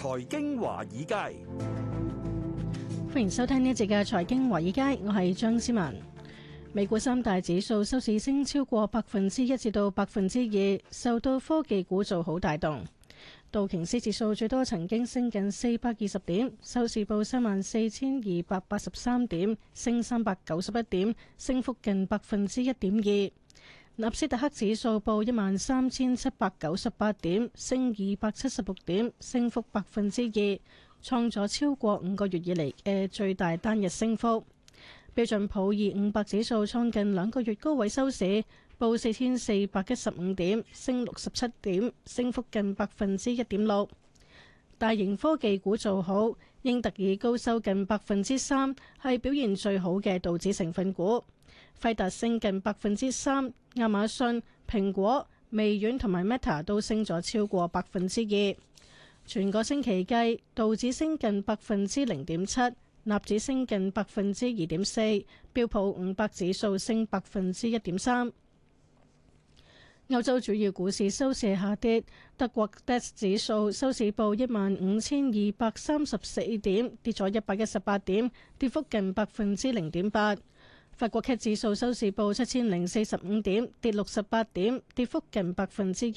財經華爾街，歡迎收聽呢一節嘅財經華爾街，我係張思文。美股三大指數收市升超過百分之一至到百分之二，受到科技股做好帶動。道瓊斯指數最多曾經升近四百二十點，收市報三萬四千二百八十三點，升三百九十一點，升幅近百分之一點二。納斯達克指數報一萬三千七百九十八點，升二百七十六點，升幅百分之二，創咗超過五個月以嚟嘅最大單日升幅。標準普爾五百指數創近兩個月高位收市，報四千四百一十五點，升六十七點，升幅近百分之一點六。大型科技股做好，英特爾高收近百分之三，係表現最好嘅道指成分股。輝達升近百分之三。亞馬遜、蘋果、微軟同埋 Meta 都升咗超過百分之二。全個星期計，道指升近百分之零點七，納指升近百分之二點四，標普五百指數升百分之一點三。歐洲主要股市收市下跌，德國 DAX 指數收市報一萬五千二百三十四點，跌咗一百一十八點，跌幅近百分之零點八。法國指數收市報七千零四十五點，跌六十八點，跌幅近百分之一。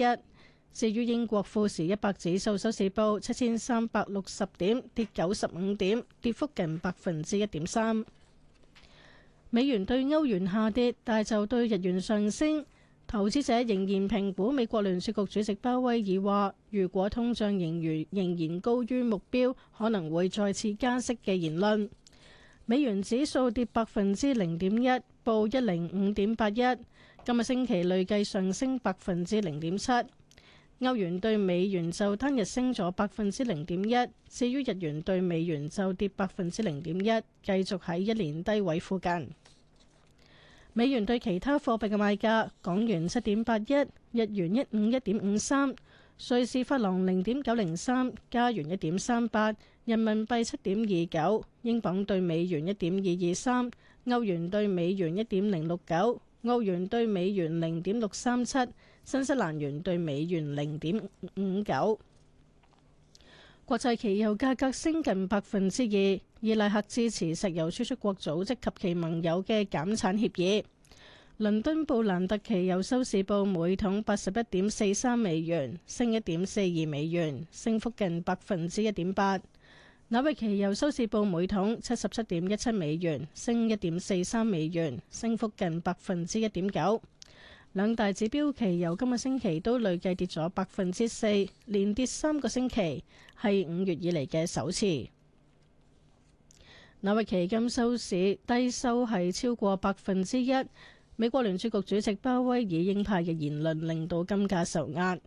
至於英國富時一百指數收市報七千三百六十點，跌九十五點，跌幅近百分之一點三。美元對歐元下跌，但就對日元上升。投資者仍然評估美國聯儲局主席鮑威爾話，如果通脹仍然仍然高於目標，可能會再次加息嘅言論。美元指數跌百分之零點一，報一零五點八一。今個星期累計上升百分之零點七。歐元對美元就單日升咗百分之零點一。至於日元對美元就跌百分之零點一，繼續喺一年低位附近。美元對其他貨幣嘅賣價，港元七點八一，日元一五一點五三。瑞士法郎零點九零三，加元一點三八，人民幣七點二九，英鎊兌美元一點二二三，歐元兌美元一點零六九，澳元兌美元零點六三七，新西蘭元兌美元零點五九。國際期油價格升近百分之二，伊拉克支持石油輸出國組織及其盟友嘅減產協議。倫敦布蘭特期油收市報每桶八十一點四三美元，升一點四二美元，升幅近百分之一點八。紐約期油收市報每桶七十七點一七美元，升一點四三美元，升幅近百分之一點九。兩大指標期油今個星期都累計跌咗百分之四，連跌三個星期，係五月以嚟嘅首次。紐約期金收市低收係超過百分之一。美國聯儲局主席鮑威爾鷹派嘅言論令到金價受壓。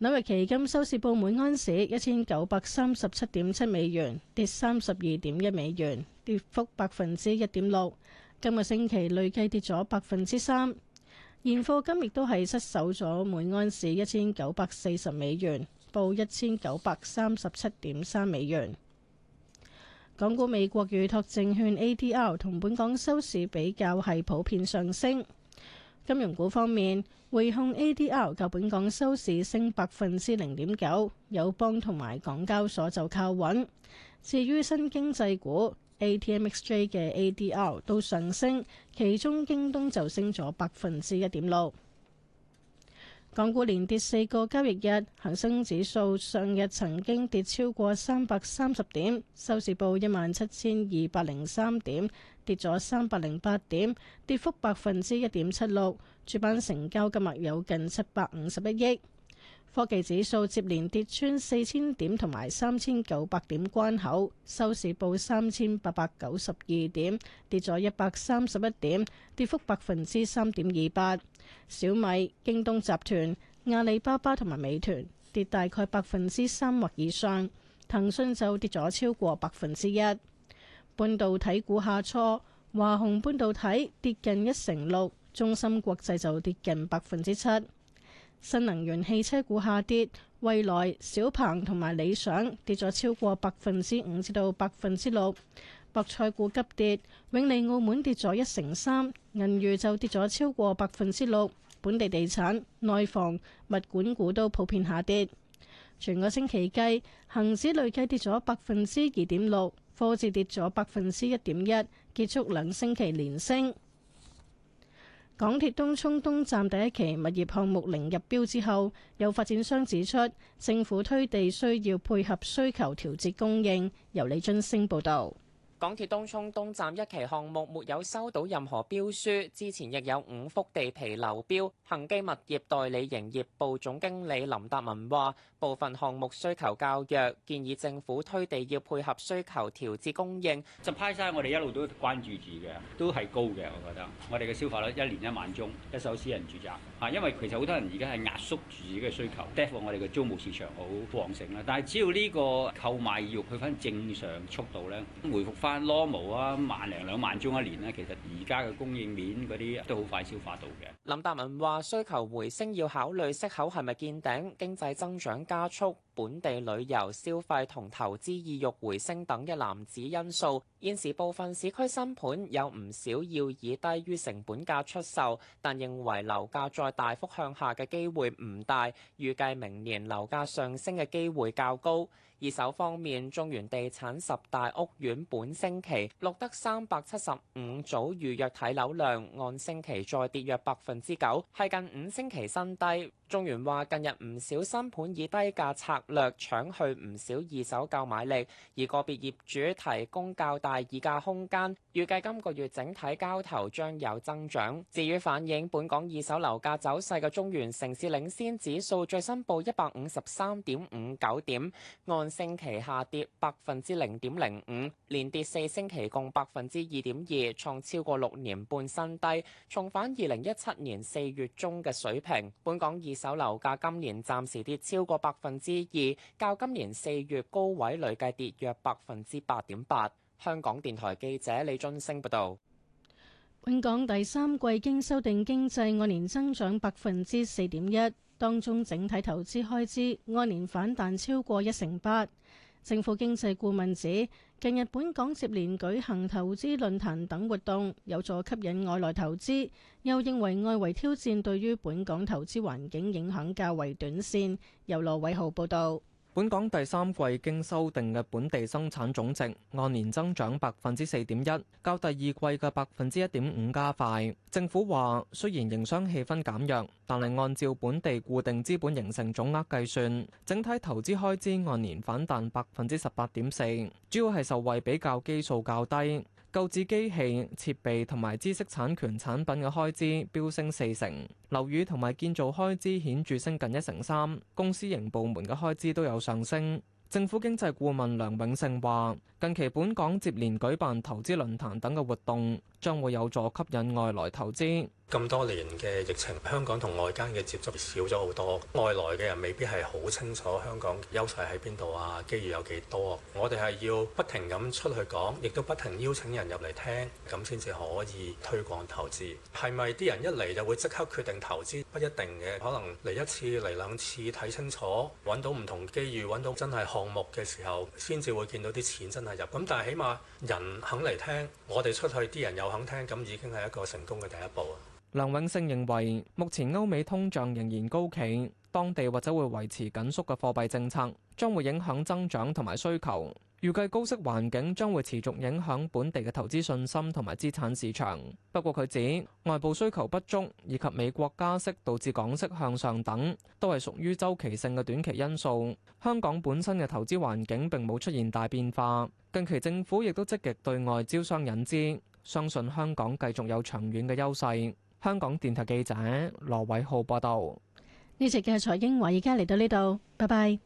紐約期金收市報每安士一千九百三十七點七美元，跌三十二點一美元，跌幅百分之一點六。今個星期累計跌咗百分之三。現貨金亦都係失守咗每安士一千九百四十美元，報一千九百三十七點三美元。港股美國預託證券 ADR 同本港收市比較係普遍上升。金融股方面，匯控 ADR 較本港收市升百分之零點九，友邦同埋港交所就靠穩。至於新經濟股 ATMXJ 嘅 ADR 都上升，其中京東就升咗百分之一點六。港股連跌四個交易日，恒生指數上日曾經跌超過三百三十點，收市報一萬七千二百零三點，跌咗三百零八點，跌幅百分之一點七六。主板成交金額有近七百五十一億。科技指數接連跌穿四千點同埋三千九百點關口，收市報三千八百九十二點，跌咗一百三十一點，跌幅百分之三點二八。小米、京東集團、阿里巴巴同埋美團跌大概百分之三或以上，騰訊就跌咗超過百分之一。半導體股下挫，華虹半導體跌近一成六，中芯國際就跌近百分之七。新能源汽車股下跌，蔚來、小鵬同埋理想跌咗超過百分之五至到百分之六。博彩股急跌，永利澳門跌咗一成三，銀娛就跌咗超過百分之六。本地地產、內房、物管股都普遍下跌。全個星期計，恒指累計跌咗百分之二點六，科指跌咗百分之一點一，結束兩星期連升。港鐵東涌東站第一期物業項目零入標之後，有發展商指出，政府推地需要配合需求調節供應。由李津升報道。港鐵東涌東站一期項目沒有收到任何標書，之前亦有五幅地皮流標。恒基物業代理營業部總經理林達文話，部分項目需求較弱，建議政府推地要配合需求調節供應。就派曬，我哋一路都關注住嘅，都係高嘅。我覺得我哋嘅消化率一年一萬宗，一手私人住宅嚇，因為其實好多人而家係壓縮住自己嘅需求，包括我哋嘅租務市場好旺盛啦。但係只要呢個購買意欲去翻正常速度咧，回復翻。翻羅毛啊，萬零兩萬宗一年咧，其實而家嘅供應鏈嗰啲都好快消化到嘅。林達文話：需求回升要考慮息口係咪見頂、經濟增長加速、本地旅遊消費同投資意欲回升等嘅男子因素。現時部分市區新盤有唔少要以低於成本價出售，但認為樓價再大幅向下嘅機會唔大，預計明年樓價上升嘅機會較高。二手方面，中原地產十大屋苑本星期錄得三百七十五組預約睇樓量，按星期再跌約百分之九，係近五星期新低。中原話近日唔少新盤以低價策略搶去唔少二手購買力，而個別業主提供較大議價空間，預計今個月整體交投將有增長。至於反映本港二手樓價走勢嘅中原城市領先指數最新報一百五十三點五九點，按星期下跌百分之零點零五，連跌四星期共 2. 2，共百分之二點二，創超過六年半新低，重返二零一七年四月中嘅水平。本港二手樓價今年暫時跌超過百分之二，較今年四月高位累計跌約百分之八點八。香港電台記者李津升報道。本港第三季經修訂經濟按年增長百分之四點一。當中整體投資開支按年反彈超過一成八。政府經濟顧問指，近日本港接連舉行投資論壇等活動，有助吸引外來投資。又認為外圍挑戰對於本港投資環境影響較為短線。由羅偉豪報道。本港第三季經修訂嘅本地生產總值按年增長百分之四點一，較第二季嘅百分之一點五加快。政府話，雖然營商氣氛減弱，但係按照本地固定資本形成總額計算，整體投資開支按年反彈百分之十八點四，主要係受惠比較基數較低。購置機器設備同埋知識產權產品嘅開支飆升四成，樓宇同埋建造開支顯著升近一成三，公司營部門嘅開支都有上升。政府經濟顧問梁永勝話：近期本港接連舉辦投資論壇等嘅活動，將會有助吸引外來投資。咁多年嘅疫情，香港同外間嘅接觸少咗好多，外來嘅人未必係好清楚香港優勢喺邊度啊，機遇有幾多？我哋係要不停咁出去講，亦都不停邀請人入嚟聽，咁先至可以推廣投資，係咪啲人一嚟就會即刻決定投資？不一定嘅，可能嚟一次嚟兩次睇清楚，揾到唔同機遇，揾到真係項目嘅時候，先至會見到啲錢真係入。咁但係起碼人肯嚟聽，我哋出去啲人又肯聽，咁已經係一個成功嘅第一步。梁永勝認為，目前歐美通脹仍然高企，當地或者會維持緊縮嘅貨幣政策，將會影響增長同埋需求。預計高息環境將會持續影響本地嘅投資信心同埋資產市場。不過，佢指外部需求不足以及美國加息導致港息向上等，都係屬於周期性嘅短期因素。香港本身嘅投資環境並冇出現大變化，近期政府亦都積極對外招商引資，相信香港繼續有長遠嘅優勢。香港電台記者羅偉浩報道。呢集嘅財經華爾街，而家嚟到呢度，拜拜。